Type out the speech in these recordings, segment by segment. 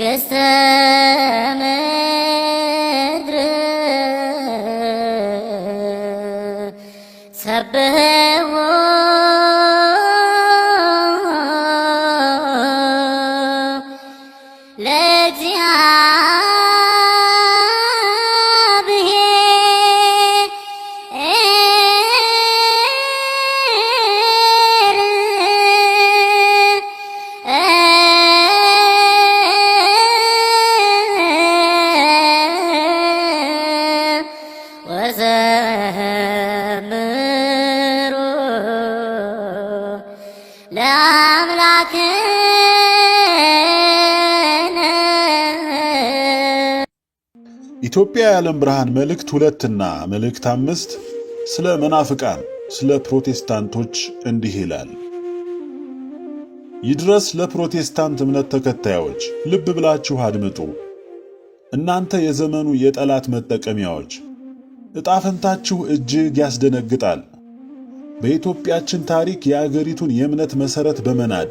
ትዕግስትም ለአምላክ ኢትዮጵያ የዓለም ብርሃን መልእክት ሁለትና መልእክት አምስት ስለ መናፍቃን ስለ ፕሮቴስታንቶች እንዲህ ይላል። ይድረስ ለፕሮቴስታንት እምነት ተከታዮች ልብ ብላችሁ አድምጡ። እናንተ የዘመኑ የጠላት መጠቀሚያዎች፣ ዕጣ ፈንታችሁ እጅግ ያስደነግጣል። በኢትዮጵያችን ታሪክ የአገሪቱን የእምነት መሠረት በመናድ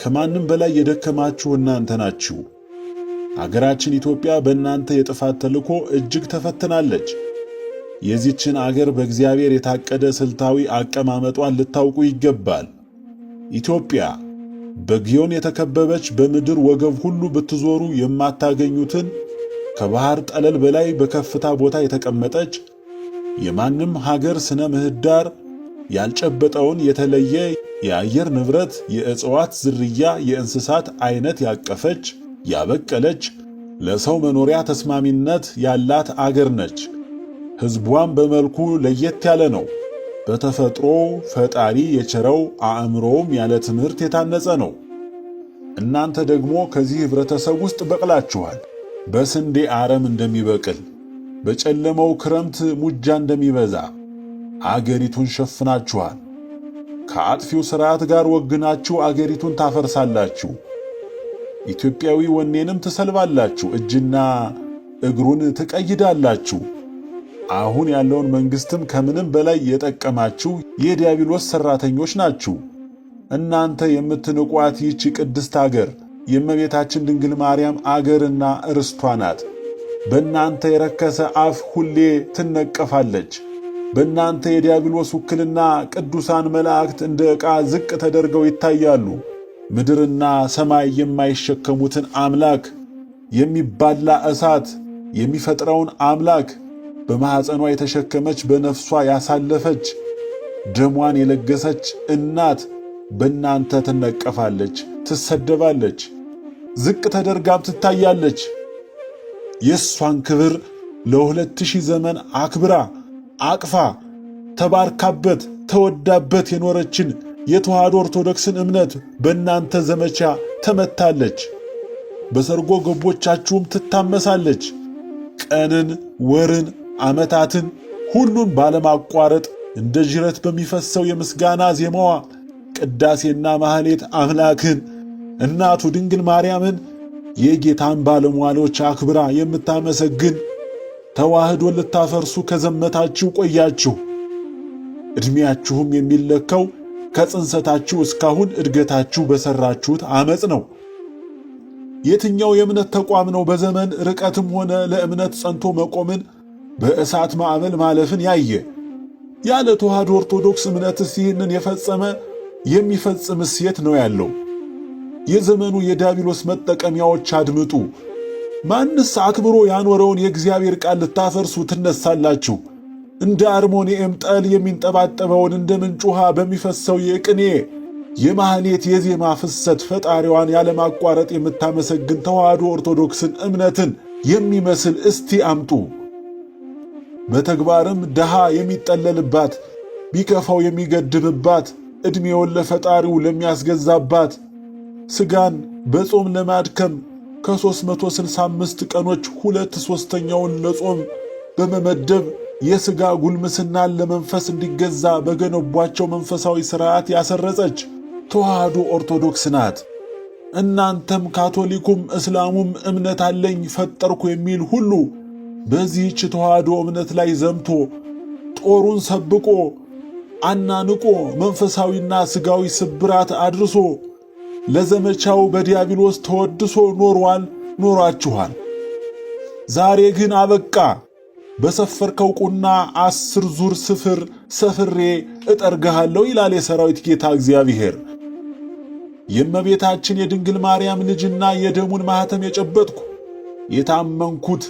ከማንም በላይ የደከማችሁ እናንተ ናችሁ። አገራችን ኢትዮጵያ በእናንተ የጥፋት ተልኮ እጅግ ተፈትናለች። የዚችን አገር በእግዚአብሔር የታቀደ ስልታዊ አቀማመጧን ልታውቁ ይገባል። ኢትዮጵያ በጊዮን የተከበበች በምድር ወገብ ሁሉ ብትዞሩ የማታገኙትን ከባህር ጠለል በላይ በከፍታ ቦታ የተቀመጠች የማንም ሀገር ስነ ምህዳር ያልጨበጠውን የተለየ የአየር ንብረት፣ የእጽዋት ዝርያ፣ የእንስሳት አይነት ያቀፈች ያበቀለች ለሰው መኖሪያ ተስማሚነት ያላት አገር ነች። ሕዝቧም በመልኩ ለየት ያለ ነው። በተፈጥሮው ፈጣሪ የቸረው አእምሮውም ያለ ትምህርት የታነጸ ነው። እናንተ ደግሞ ከዚህ ኅብረተሰብ ውስጥ በቅላችኋል። በስንዴ አረም እንደሚበቅል፣ በጨለመው ክረምት ሙጃ እንደሚበዛ አገሪቱን ሸፍናችኋል። ከአጥፊው ሥርዓት ጋር ወግናችሁ አገሪቱን ታፈርሳላችሁ። ኢትዮጵያዊ ወኔንም ትሰልባላችሁ፣ እጅና እግሩን ትቀይዳላችሁ። አሁን ያለውን መንግሥትም ከምንም በላይ የጠቀማችሁ የዲያብሎስ ሠራተኞች ናችሁ። እናንተ የምትንቋት ይህች ቅድስት አገር የእመቤታችን ድንግል ማርያም አገርና ርስቷ ናት። በእናንተ የረከሰ አፍ ሁሌ ትነቀፋለች። በእናንተ የዲያብሎስ ውክልና ቅዱሳን መላእክት እንደ ዕቃ ዝቅ ተደርገው ይታያሉ። ምድርና ሰማይ የማይሸከሙትን አምላክ የሚባላ እሳት የሚፈጥረውን አምላክ በማኅፀኗ የተሸከመች በነፍሷ ያሳለፈች ደሟን የለገሰች እናት በእናንተ ትነቀፋለች፣ ትሰደባለች፣ ዝቅ ተደርጋም ትታያለች። የእሷን ክብር ለሁለት ሺህ ዘመን አክብራ አቅፋ ተባርካበት ተወዳበት የኖረችን የተዋሕዶ ኦርቶዶክስን እምነት በእናንተ ዘመቻ ተመታለች፣ በሰርጎ ገቦቻችሁም ትታመሳለች። ቀንን፣ ወርን፣ ዓመታትን ሁሉን ባለማቋረጥ እንደ ጅረት በሚፈሰው የምስጋና ዜማዋ ቅዳሴና ማህሌት አምላክን እናቱ ድንግል ማርያምን የጌታን ባለሟሎች አክብራ የምታመሰግን ተዋህዶ ልታፈርሱ ከዘመታችሁ ቆያችሁ። ዕድሜያችሁም የሚለካው ከጽንሰታችሁ እስካሁን እድገታችሁ በሠራችሁት ዐመፅ ነው። የትኛው የእምነት ተቋም ነው በዘመን ርቀትም ሆነ ለእምነት ጸንቶ መቆምን በእሳት ማዕበል ማለፍን ያየ? ያለ ተዋህዶ ኦርቶዶክስ እምነትስ ይህንን የፈጸመ የሚፈጽምስ የት ነው ያለው? የዘመኑ የዲያብሎስ መጠቀሚያዎች አድምጡ። ማንስ አክብሮ ያኖረውን የእግዚአብሔር ቃል ልታፈርሱ ትነሳላችሁ? እንደ አርሞንኤም ጠል የሚንጠባጠበውን እንደ ምንጭ ውሃ በሚፈሰው የቅኔ የማህሌት የዜማ ፍሰት ፈጣሪዋን ያለማቋረጥ የምታመሰግን ተዋህዶ ኦርቶዶክስን እምነትን የሚመስል እስቲ አምጡ። በተግባርም ድሃ የሚጠለልባት ቢከፋው የሚገድብባት ዕድሜውን ለፈጣሪው ለሚያስገዛባት ሥጋን በጾም ለማድከም ከ365 ቀኖች ሁለት ሦስተኛውን ለጾም በመመደብ የሥጋ ጉልምስናን ለመንፈስ እንዲገዛ በገነቧቸው መንፈሳዊ ሥርዓት ያሰረጸች ተዋህዶ ኦርቶዶክስ ናት። እናንተም ካቶሊኩም እስላሙም እምነት አለኝ ፈጠርኩ የሚል ሁሉ በዚህች ተዋህዶ እምነት ላይ ዘምቶ ጦሩን ሰብቆ አናንቆ መንፈሳዊና ሥጋዊ ስብራት አድርሶ ለዘመቻው በዲያብሎስ ተወድሶ ኖሯል ኖራችኋል። ዛሬ ግን አበቃ። በሰፈርከው ቁና አስር ዙር ስፍር ሰፍሬ እጠርግሃለሁ ይላል የሰራዊት ጌታ እግዚአብሔር። የእመቤታችን የድንግል ማርያም ልጅና የደሙን ማኅተም የጨበጥኩ የታመንኩት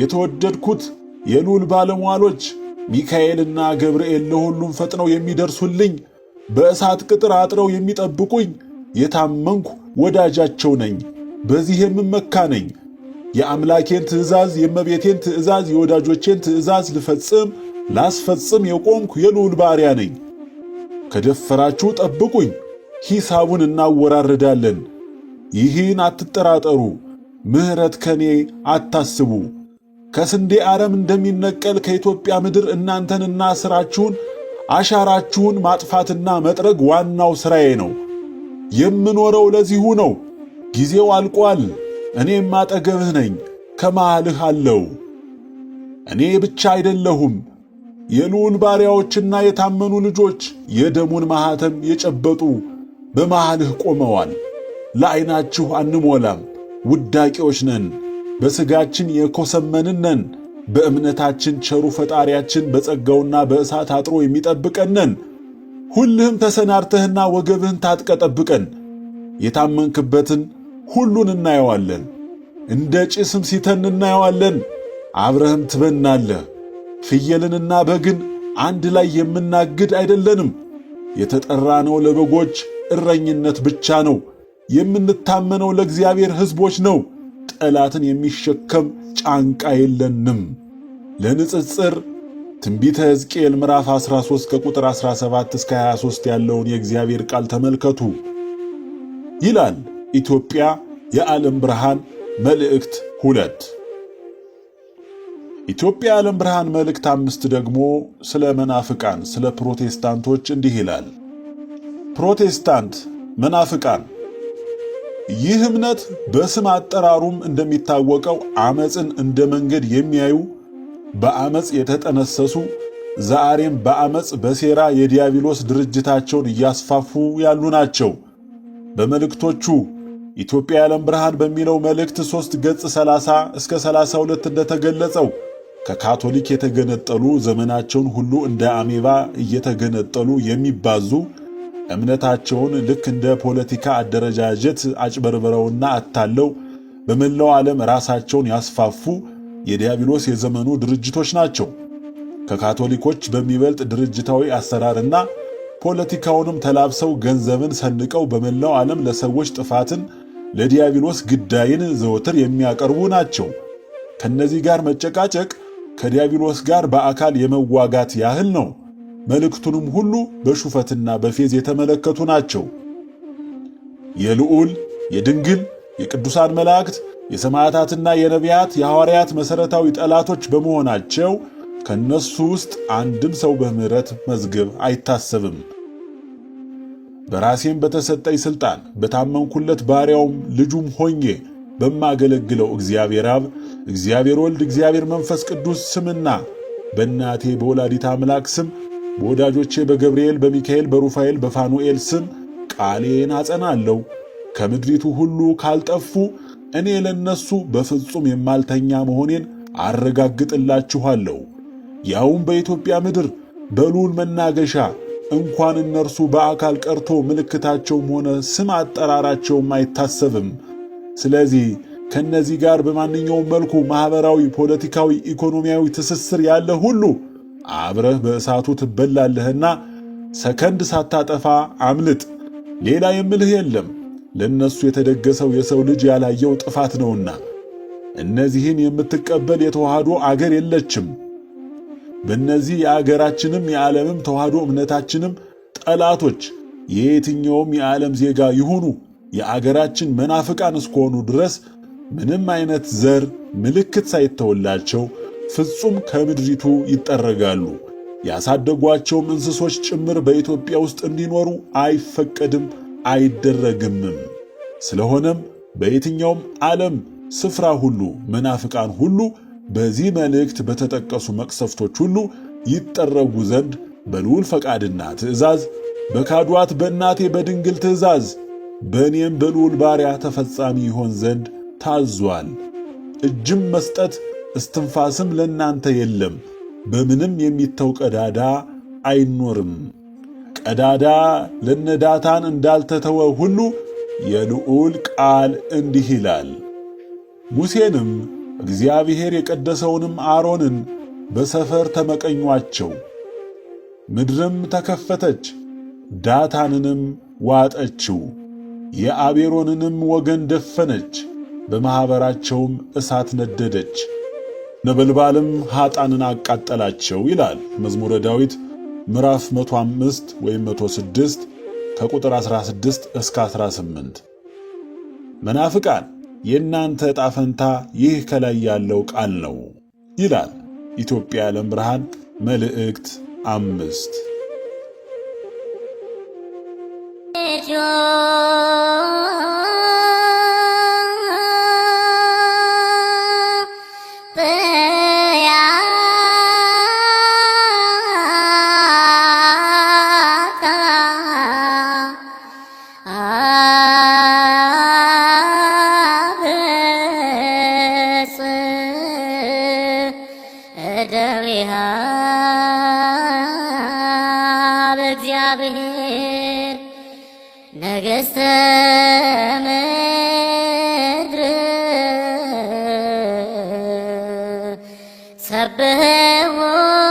የተወደድኩት የልዑል ባለሟሎች ሚካኤልና ገብርኤል ለሁሉም ፈጥነው የሚደርሱልኝ በእሳት ቅጥር አጥረው የሚጠብቁኝ የታመንኩ ወዳጃቸው ነኝ፣ በዚህ የምመካ ነኝ። የአምላኬን ትእዛዝ፣ የእመቤቴን ትእዛዝ፣ የወዳጆቼን ትእዛዝ ልፈጽም ላስፈጽም የቆምኩ የልዑል ባሪያ ነኝ። ከደፈራችሁ ጠብቁኝ፣ ሂሳቡን እናወራርዳለን። ይህን አትጠራጠሩ፣ ምሕረት ከኔ አታስቡ። ከስንዴ አረም እንደሚነቀል ከኢትዮጵያ ምድር እናንተንና ሥራችሁን አሻራችሁን ማጥፋትና መጥረግ ዋናው ሥራዬ ነው። የምኖረው ለዚሁ ነው። ጊዜው አልቋል። እኔም አጠገብህ ነኝ፣ ከመሃልህ አለው። እኔ ብቻ አይደለሁም። የልዑል ባሪያዎችና የታመኑ ልጆች የደሙን ማኅተም የጨበጡ በመሃልህ ቆመዋል። ለዐይናችሁ አንሞላም፣ ውዳቂዎች ነን። በሥጋችን የኮሰመንን ነን። በእምነታችን ቸሩ ፈጣሪያችን በጸጋውና በእሳት አጥሮ የሚጠብቀን ነን። ሁልህም ተሰናድተህና ወገብህን ታጥቀ ጠብቀን፣ የታመንክበትን ሁሉን እናየዋለን፣ እንደ ጭስም ሲተን እናየዋለን፣ አብረህም ትበናለህ። ፍየልንና በግን አንድ ላይ የምናግድ አይደለንም፣ የተጠራነው ለበጎች እረኝነት ብቻ ነው። የምንታመነው ለእግዚአብሔር ሕዝቦች ነው። ጠላትን የሚሸከም ጫንቃ የለንም። ለንጽጽር ትንቢተ ሕዝቅኤል ምዕራፍ 13 ከቁጥር 17 እስከ 23 ያለውን የእግዚአብሔር ቃል ተመልከቱ። ይላል ኢትዮጵያ የዓለም ብርሃን መልእክት ሁለት ኢትዮጵያ የዓለም ብርሃን መልእክት አምስት ደግሞ ስለ መናፍቃን ስለ ፕሮቴስታንቶች እንዲህ ይላል። ፕሮቴስታንት መናፍቃን ይህ እምነት በስም አጠራሩም እንደሚታወቀው ዓመፅን እንደ መንገድ የሚያዩ በአመፅ የተጠነሰሱ ዛሬም በአመፅ በሴራ የዲያብሎስ ድርጅታቸውን እያስፋፉ ያሉ ናቸው። በመልእክቶቹ ኢትዮጵያ የዓለም ብርሃን በሚለው መልእክት ሦስት ገጽ 30 እስከ 32 እንደተገለጸው ከካቶሊክ የተገነጠሉ ዘመናቸውን ሁሉ እንደ አሜባ እየተገነጠሉ የሚባዙ እምነታቸውን ልክ እንደ ፖለቲካ አደረጃጀት አጭበርብረውና አታለው በመላው ዓለም ራሳቸውን ያስፋፉ የዲያብሎስ የዘመኑ ድርጅቶች ናቸው። ከካቶሊኮች በሚበልጥ ድርጅታዊ አሰራርና ፖለቲካውንም ተላብሰው ገንዘብን ሰንቀው በመላው ዓለም ለሰዎች ጥፋትን፣ ለዲያብሎስ ግዳይን ዘወትር የሚያቀርቡ ናቸው። ከነዚህ ጋር መጨቃጨቅ ከዲያብሎስ ጋር በአካል የመዋጋት ያህል ነው። መልእክቱንም ሁሉ በሹፈትና በፌዝ የተመለከቱ ናቸው። የልዑል የድንግል የቅዱሳን መላእክት የሰማዕታትና የነቢያት የሐዋርያት መሠረታዊ ጠላቶች በመሆናቸው ከእነሱ ውስጥ አንድም ሰው በምሕረት መዝገብ አይታሰብም። በራሴም በተሰጠኝ ሥልጣን በታመንኩለት ባሪያውም ልጁም ሆኜ በማገለግለው እግዚአብሔር አብ፣ እግዚአብሔር ወልድ፣ እግዚአብሔር መንፈስ ቅዱስ ስምና በእናቴ በወላዲት አምላክ ስም በወዳጆቼ በገብርኤል፣ በሚካኤል፣ በሩፋኤል፣ በፋኑኤል ስም ቃሌን አጸናለሁ። ከምድሪቱ ሁሉ ካልጠፉ እኔ ለነሱ በፍጹም የማልተኛ መሆኔን አረጋግጥላችኋለሁ። ያውም በኢትዮጵያ ምድር በሉን መናገሻ እንኳን እነርሱ በአካል ቀርቶ ምልክታቸውም ሆነ ስም አጠራራቸውም አይታሰብም። ስለዚህ ከነዚህ ጋር በማንኛውም መልኩ ማኅበራዊ፣ ፖለቲካዊ፣ ኢኮኖሚያዊ ትስስር ያለ ሁሉ አብረህ በእሳቱ ትበላለህና ሰከንድ ሳታጠፋ አምልጥ። ሌላ የምልህ የለም። ለእነሱ የተደገሰው የሰው ልጅ ያላየው ጥፋት ነውና እነዚህን የምትቀበል የተዋህዶ አገር የለችም። በእነዚህ የአገራችንም የዓለምም ተዋህዶ እምነታችንም ጠላቶች የየትኛውም የዓለም ዜጋ ይሁኑ የአገራችን መናፍቃን እስከሆኑ ድረስ ምንም አይነት ዘር ምልክት ሳይተወላቸው ፍጹም ከምድሪቱ ይጠረጋሉ። ያሳደጓቸውም እንስሶች ጭምር በኢትዮጵያ ውስጥ እንዲኖሩ አይፈቀድም። አይደረግምም። ስለሆነም በየትኛውም ዓለም ስፍራ ሁሉ መናፍቃን ሁሉ በዚህ መልእክት በተጠቀሱ መቅሰፍቶች ሁሉ ይጠረጉ ዘንድ በልዑል ፈቃድና ትእዛዝ በካዷት በእናቴ በድንግል ትእዛዝ በእኔም በልዑል ባሪያ ተፈጻሚ ይሆን ዘንድ ታዟል። እጅም መስጠት እስትንፋስም ለእናንተ የለም፣ በምንም የሚተው ቀዳዳ አይኖርም። ቀዳዳ ለነ ዳታን እንዳልተተወ ሁሉ የልዑል ቃል እንዲህ ይላል። ሙሴንም እግዚአብሔር የቀደሰውንም አሮንን በሰፈር ተመቀኟቸው። ምድርም ተከፈተች፣ ዳታንንም ዋጠችው፣ የአቤሮንንም ወገን ደፈነች፣ በማኅበራቸውም እሳት ነደደች፣ ነበልባልም ኀጣንን አቃጠላቸው ይላል መዝሙረ ዳዊት ምዕራፍ 105 ወይም 106 ከቁጥር 16 እስከ 18 መናፍቃን የእናንተ ዕጣ ፈንታ ይህ ከላይ ያለው ቃል ነው ይላል ኢትዮጵያ የዓለም ብርሃን መልእክት አምስት ነገሥተ ምድር ሰብሕዎ